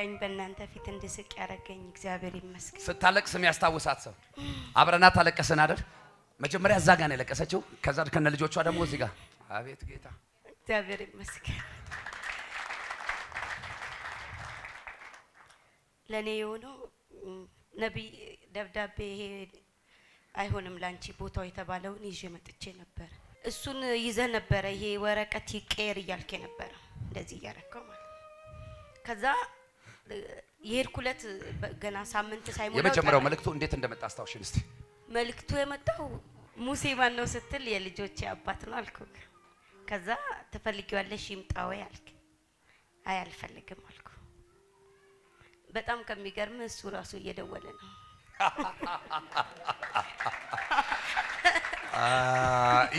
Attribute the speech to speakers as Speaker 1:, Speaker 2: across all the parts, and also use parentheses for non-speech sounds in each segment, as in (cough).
Speaker 1: ረዳኝ፣ በእናንተ ፊት እንድስቅ ያደረገኝ እግዚአብሔር ይመስገን።
Speaker 2: ስታለቅስ የሚያስታውሳት ሰው አብረና ታለቀስን አይደል? መጀመሪያ እዛ ጋር ነው የለቀሰችው። ከዛ ከነ ልጆቿ ደግሞ እዚህ ጋር አቤት ጌታ
Speaker 1: እግዚአብሔር ይመስገን። ለእኔ የሆነው ነቢይ ደብዳቤ ይሄ አይሆንም ላንቺ ቦታው የተባለውን ይዤ መጥቼ ነበር። እሱን ይዘህ ነበረ ይሄ ወረቀት ይቀየር እያልክ ነበረ እንደዚህ እያረከው ማለት ከዛ የሄድኩለት ገና ሳምንት ሳይሞላ
Speaker 2: የመጀመሪያው መልእክቱ እንዴት እንደመጣ አስታውሽን እስቲ።
Speaker 1: መልእክቱ የመጣው ሙሴ ማን ነው ስትል የልጆች አባት ነው አልኩ። ከዛ ትፈልጊዋለሽ ይምጣ ወይ አልክ። አይ አልፈልግም አልኩ። በጣም ከሚገርም እሱ ራሱ እየደወለ ነው።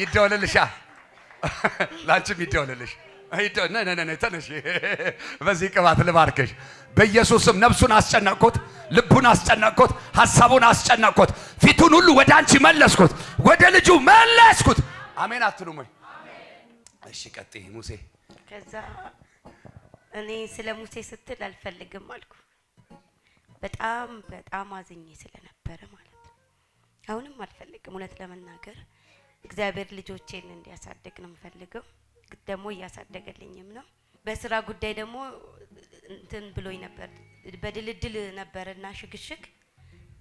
Speaker 2: ይደወልልሻ፣ ላንቺም ይደወልልሽ። ተነሽ፣ (laughs) በዚህ ቅባት ልባርክሽ በኢየሱስም። ነፍሱን አስጨነቅኩት፣ ልቡን አስጨነቅኩት፣ ሀሳቡን አስጨነቅኩት፣ ፊቱን ሁሉ ወደ አንቺ መለስኩት፣ ወደ ልጁ መለስኩት። አሜን አትሉም ወይ? እሺ፣ ቀጥይ ሙሴ።
Speaker 1: ከዛ እኔ ስለ ሙሴ ስትል አልፈልግም አልኩ። በጣም በጣም አዝኜ ስለነበረ ማለት አሁንም አልፈልግም። እውነት ለመናገር እግዚአብሔር ልጆቼን እንዲያሳድግ ነው የምፈልገው። ደግሞ እያሳደገልኝም ነው። በስራ ጉዳይ ደግሞ እንትን ብሎኝ ነበር። በድልድል ነበር እና ሽግሽግ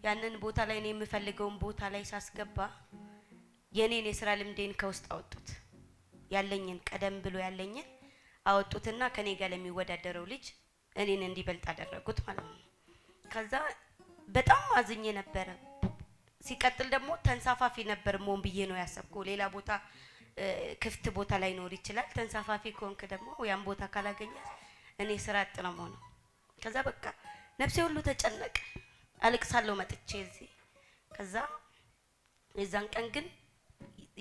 Speaker 1: ያንን ቦታ ላይ ነው የምፈልገውን ቦታ ላይ ሳስገባ የኔን የስራ ልምዴን ከውስጥ አወጡት። ያለኝን ቀደም ብሎ ያለኝን አወጡትና ከኔ ጋር ለሚወዳደረው ልጅ እኔን እንዲበልጥ አደረጉት ማለት ነው። ከዛ በጣም አዝኜ ነበረ። ሲቀጥል ደግሞ ተንሳፋፊ ነበር መሆን ብዬ ነው ያሰብኩ ሌላ ቦታ ክፍት ቦታ ላይኖር ይችላል። ተንሳፋፊ ከሆንክ ደግሞ ያን ቦታ ካላገኘ እኔ ስራ አጥ ነው የምሆነው። ከዛ በቃ ነፍሴ ሁሉ ተጨነቀ፣ አልቅሳለሁ መጥቼ እዚህ። ከዛ የዛን ቀን ግን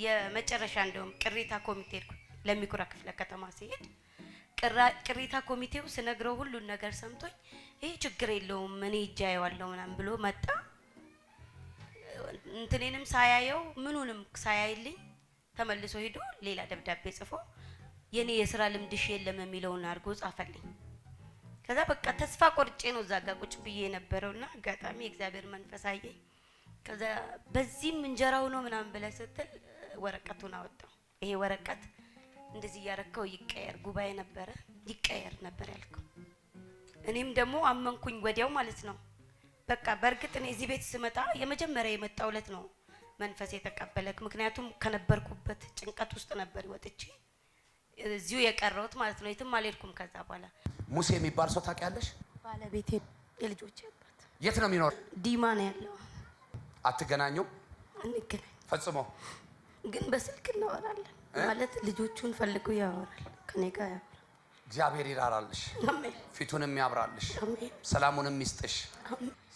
Speaker 1: የመጨረሻ እንደውም ቅሬታ ኮሚቴ ለሚኩራ ክፍለ ከተማ ሲሄድ ቅሬታ ኮሚቴው ስነግረው ሁሉን ነገር ሰምቶኝ ይህ ችግር የለውም እኔ እጃ የዋለው ምናምን ብሎ መጣ። እንትኔንም ሳያየው ምኑንም ሳያይልኝ ተመልሶ ሄዶ ሌላ ደብዳቤ ጽፎ የኔ የስራ ልምድሽ የለም የሚለውን አድርጎ ጻፈልኝ። ከዛ በቃ ተስፋ ቆርጬ ነው እዛ ጋ ቁጭ ብዬ የነበረውና አጋጣሚ የእግዚአብሔር መንፈስ አየኝ። ከዛ በዚህም እንጀራው ነው ምናምን ብለህ ስትል ወረቀቱን አወጣው። ይሄ ወረቀት እንደዚህ እያረከው ይቀየር፣ ጉባኤ ነበረ ይቀየር ነበር ያልከው። እኔም ደግሞ አመንኩኝ ወዲያው ማለት ነው። በቃ በእርግጥ እኔ እዚህ ቤት ስመጣ የመጀመሪያ የመጣው ዕለት ነው መንፈስ የተቀበለክ። ምክንያቱም ከነበርኩበት ጭንቀት ውስጥ ነበር ወጥቼ እዚሁ የቀረሁት ማለት ነው። የትም አልሄድኩም። ከዛ በኋላ
Speaker 2: ሙሴ የሚባል ሰው ታውቂያለሽ?
Speaker 1: ባለቤቴ የልጆች አባት። የት ነው የሚኖር? ዲማ ነው ያለው። አትገናኙም? አንገናኝ ፈጽሞ ግን በስልክ እናወራለን። ማለት ልጆቹን ፈልጉ ያወራል፣ ከኔ ጋር ያወራል።
Speaker 2: እግዚአብሔር ይራራልሽ፣ ፊቱንም ያብራልሽ፣ ሰላሙንም ይስጥሽ።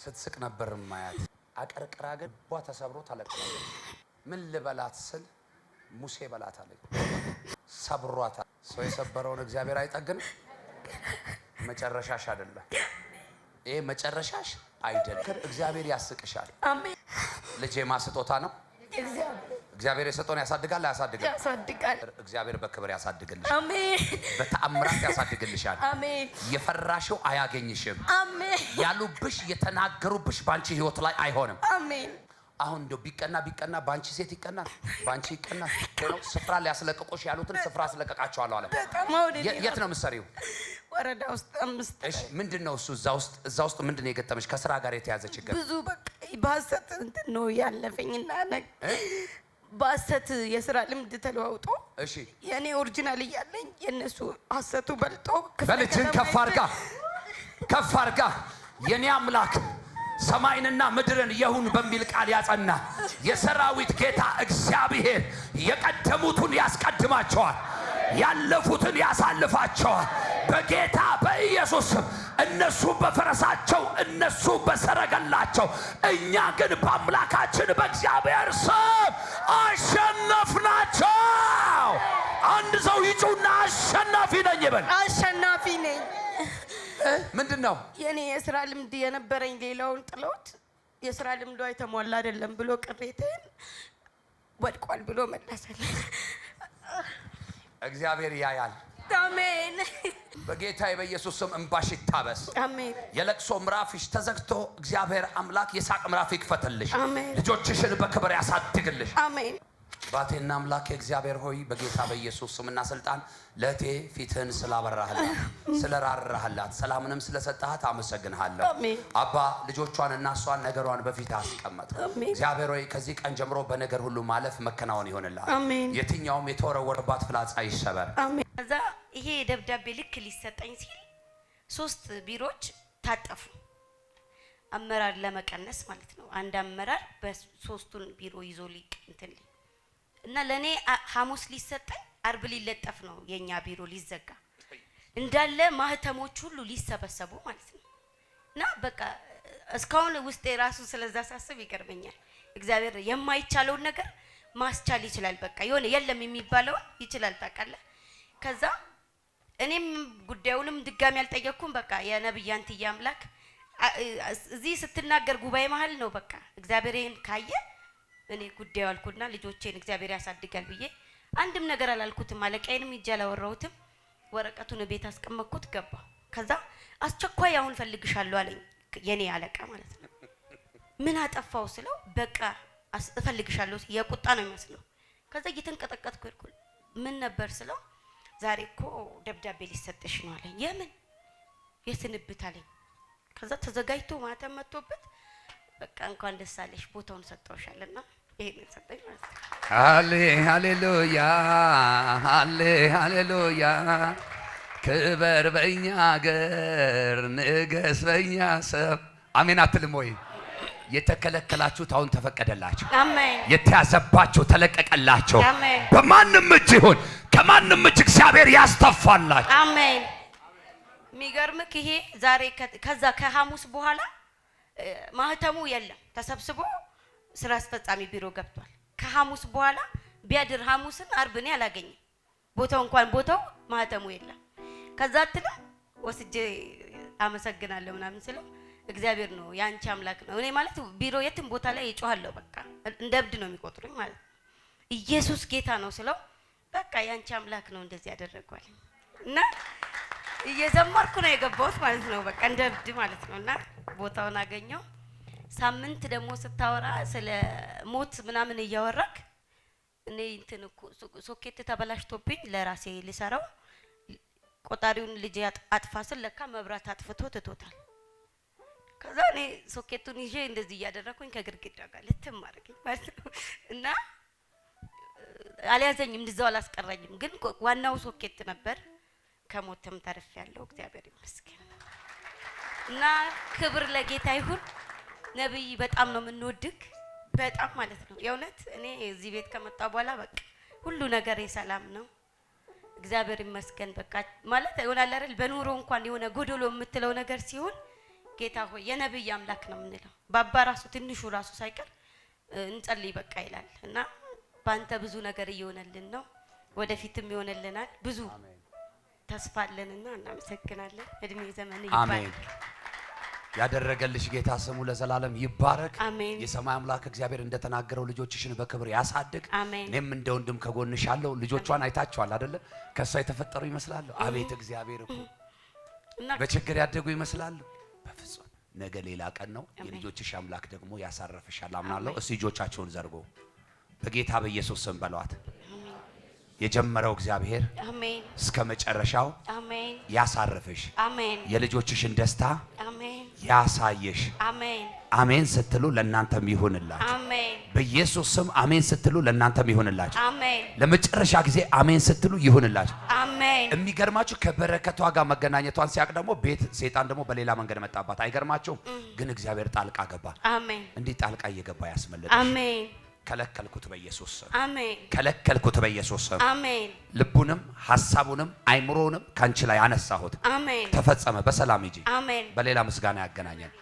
Speaker 2: ስትስቅ ነበር ማያት አቀርቅራ ግን ቧ ተሰብሮ ታለቅሳለች። ምን ልበላት ስል ሙሴ በላት አለኝ። ሰብሯታል። ሰው የሰበረውን እግዚአብሔር አይጠግንም። መጨረሻሽ አይደለም፣ ይሄ መጨረሻሽ አይደለም። እግዚአብሔር ያስቅሻል። ልጄ ማስጦታ ነው። እግዚአብሔር የሰጠውን ያሳድጋል አያሳድግም?
Speaker 1: ያሳድጋል።
Speaker 2: እግዚአብሔር በክብር ያሳድግልሽ። አሜን። በተአምራት ያሳድግልሻል። አሜን። የፈራሽው አያገኝሽም። አሜን። ያሉብሽ የተናገሩብሽ ባንቺ ህይወት ላይ አይሆንም። አሜን። አሁን እንደው ቢቀና ቢቀና ባንቺ ሴት ይቀናል፣ ባንቺ ይቀናል። ስፍራ ሊያስለቅቆሽ ያሉትን ስፍራ አስለቀቃቸዋለሁ አለ። የት ነው ምሰሪው?
Speaker 1: ወረዳ ውስጥ አምስት።
Speaker 2: እሺ፣ ምንድን ነው እሱ? እዛ ውስጥ እዛ ውስጥ ምንድን ነው የገጠመሽ? ከስራ ጋር የተያዘ ችግር
Speaker 1: ብዙ በቃ በሀሰት እንትን ነው ያለፈኝና በሀሰት የስራ ልምድ ተለዋውጦ የእኔ ኦሪጂናል እያለኝ የእነሱ ሀሰቱ በልጦ
Speaker 2: በልጅን ከፍ አርጋ ከፍ አርጋ የእኔ አምላክ ሰማይንና ምድርን የሁን በሚል ቃል ያጸና የሰራዊት ጌታ እግዚአብሔር የቀደሙትን ያስቀድማቸዋል። ያለፉትን ያሳልፋቸዋል በጌታ በኢየሱስ እነሱ በፈረሳቸው፣ እነሱ በሰረገላቸው፣ እኛ ግን በአምላካችን በእግዚአብሔር ስም አሸነፍናቸው። አንድ ሰው ይጩና አሸናፊ ነኝ ይበል።
Speaker 1: አሸናፊ ነኝ። ምንድን ነው የኔ የስራ ልምድ የነበረኝ ሌላውን ጥሎት የስራ ልምዷ የተሟላ አይደለም ብሎ ቅሬታን ወድቋል ብሎ መለሰል።
Speaker 2: እግዚአብሔር ያያል። አሜን። በጌታ በኢየሱስ ስም እንባሽ ይታበስ። አሜን። የለቅሶ ምራፍሽ ተዘግቶ እግዚአብሔር አምላክ የሳቅ ምራፍ ይክፈትልሽ። አሜን። ልጆችሽን በክብር ያሳድግልሽ። አሜን። አባቴና አምላክ እግዚአብሔር ሆይ በጌታ በኢየሱስ ስምና ስልጣን ለእቴ ፊትህን ስላበራህላት፣ ስለራራህላት፣ ሰላምንም ስለሰጠሃት አመሰግንሃለሁ። አባ ልጆቿን እና እሷን ነገሯን በፊት አስቀመጥ። እግዚአብሔር ሆይ ከዚህ ቀን ጀምሮ በነገር ሁሉ ማለፍ መከናወን ይሆንልሃል። የትኛውም የተወረወረባት ፍላጻ ይሰበር።
Speaker 1: ከዛ ይሄ ደብዳቤ ልክ ሊሰጠኝ ሲል ሶስት ቢሮዎች ታጠፉ። አመራር ለመቀነስ ማለት ነው። አንድ አመራር በሶስቱን ቢሮ ይዞ ሊቅ እንትን እና ለእኔ ሐሙስ ሊሰጠኝ አርብ ሊለጠፍ ነው የእኛ ቢሮ ሊዘጋ እንዳለ ማህተሞች ሁሉ ሊሰበሰቡ ማለት ነው። እና በቃ እስካሁን ውስጤ ራሱ ስለዛ ሳስብ ይገርመኛል። እግዚአብሔር የማይቻለውን ነገር ማስቻል ይችላል። በቃ የሆነ የለም የሚባለውን ይችላል። ታውቃለህ። ከዛ እኔም ጉዳዩንም ድጋሚ አልጠየቅኩም። በቃ የነብያንትያ አምላክ እዚህ ስትናገር ጉባኤ መሀል ነው። በቃ እግዚአብሔር ይህን ካየ እኔ ጉዳዩ አልኩና ልጆቼን እግዚአብሔር ያሳድጋል ብዬ አንድም ነገር አላልኩትም። አለቃዬንም ሂጄ አላወራሁትም። ወረቀቱን ቤት አስቀመጥኩት። ገባ። ከዛ አስቸኳይ አሁን ፈልግሻለሁ አለኝ፣ የኔ አለቃ ማለት ነው። ምን አጠፋው ስለው በቃ እፈልግሻለሁ፣ የቁጣ ነው የሚመስለው። ከዛ እየተንቀጠቀጥኩ ሄድኩ። ምን ነበር ስለው ዛሬ እኮ ደብዳቤ ሊሰጥሽ ነው አለኝ። የምን የስንብት አለኝ። ከዛ ተዘጋጅቶ ማተም መጥቶበት በቃ እንኳን ደስ አለሽ ቦታውን ሰጠውሻልና
Speaker 2: ሃሌሉያ ሃሌሉያ ክበር በኛ አገር ንገስ በኛ ሰብ አሜን አትልም ወይ? የተከለከላችሁት አሁን ተፈቀደላችሁ። የተያዘባችሁ ተለቀቀላችሁ። በማንም እጅ ይሁን ከማንም እጅ እግዚአብሔር ያስተፋላችሁ።
Speaker 1: አሜን። የሚገርምክ ይሄ ዛሬ ከዛ ከሐሙስ በኋላ ማህተሙ የለም ተሰብስቦ ስራ አስፈጻሚ ቢሮ ገብቷል። ከሐሙስ በኋላ ቢያድር ሐሙስን አርብ እኔ አላገኝም። ቦታው እንኳን ቦታው ማህተሙ የለም። ከዛ ትለ ወስጄ አመሰግናለሁ ምናምን ስለው እግዚአብሔር ነው የአንቺ አምላክ ነው። እኔ ማለት ቢሮ የትም ቦታ ላይ ይጮሃለሁ በቃ እንደ እብድ ነው የሚቆጥሩኝ ማለት ነው። ኢየሱስ ጌታ ነው ስለው በቃ የአንቺ አምላክ ነው እንደዚህ ያደረገዋል እና እየዘመርኩ ነው የገባሁት ማለት ነው። በቃ እንደ እብድ ማለት ነው እና ቦታውን አገኘው። ሳምንት ደግሞ ስታወራ ስለ ሞት ምናምን እያወራክ እኔ እንትን ሶኬት ተበላሽቶብኝ ለራሴ ልሰራው ቆጣሪውን ልጅ አጥፋ ስል ለካ መብራት አጥፍቶ ትቶታል። ከዛ እኔ ሶኬቱን ይዤ እንደዚህ እያደረኩኝ ከግድግዳ ጋር ልትም አድርገኝ ማለት ነው እና አልያዘኝም፣ እንድዛው አላስቀረኝም። ግን ዋናው ሶኬት ነበር። ከሞትም ተርፌያለሁ፣ እግዚአብሔር ይመስገን። እና ክብር ለጌታ ይሁን። ነብይ በጣም ነው የምንወድግ በጣም ማለት ነው። የእውነት እኔ እዚህ ቤት ከመጣ በኋላ በቃ ሁሉ ነገር የሰላም ነው። እግዚአብሔር ይመስገን። በቃ ማለት ይሆናል አይደል? በኑሮ እንኳን የሆነ ጎዶሎ የምትለው ነገር ሲሆን ጌታ ሆይ የነብይ አምላክ ነው የምንለው። ባባ ራሱ ትንሹ ራሱ ሳይቀር እንጸልይ በቃ ይላል እና በአንተ ብዙ ነገር እየሆነልን ነው፣ ወደፊትም ይሆንልናል። ብዙ ተስፋ አለንና እናመሰግናለን። እድሜ ዘመን
Speaker 2: ይባል። ያደረገልሽ ጌታ ስሙ ለዘላለም ይባረክ። የሰማይ አምላክ እግዚአብሔር እንደተናገረው ልጆችሽን በክብር ያሳድግ። እኔም እንደ ወንድም ከጎንሽ አለው። ልጆቿን አይታችኋል አደለ? ከእሷ የተፈጠሩ ይመስላሉ። አቤት እግዚአብሔር እኮ በችግር ያደጉ ይመስላሉ። በፍጹም ነገ ሌላ ቀን ነው። የልጆችሽ አምላክ ደግሞ ያሳረፍሻል አምናለሁ። እስቲ ልጆቻቸውን ዘርጎ በጌታ በኢየሱስ ስም በሏት። የጀመረው እግዚአብሔር እስከ መጨረሻው ያሳርፍሽ። የልጆችሽን ደስታ ያሳየሽ። አሜን ስትሉ ለእናንተም ይሁንላችሁ። በኢየሱስ ስም አሜን ስትሉ ለእናንተም ይሁንላችሁ። ለመጨረሻ ጊዜ አሜን ስትሉ ይሁንላችሁ። የሚገርማችሁ ከበረከቷ ጋር መገናኘቷን ሲያቅ ደግሞ ቤት ሴጣን ደግሞ በሌላ መንገድ መጣባት። አይገርማችሁም? ግን እግዚአብሔር ጣልቃ ገባ። እንዲህ ጣልቃ እየገባ ያስመለጠ ከለከልኩት በኢየሱስ ስም አሜን። ከለከልኩት በኢየሱስ ስም አሜን። ልቡንም ሐሳቡንም አይምሮውንም ካንቺ ላይ አነሳሁት። አሜን። ተፈጸመ። በሰላም ሂጂ። አሜን። በሌላ ምስጋና ያገናኘን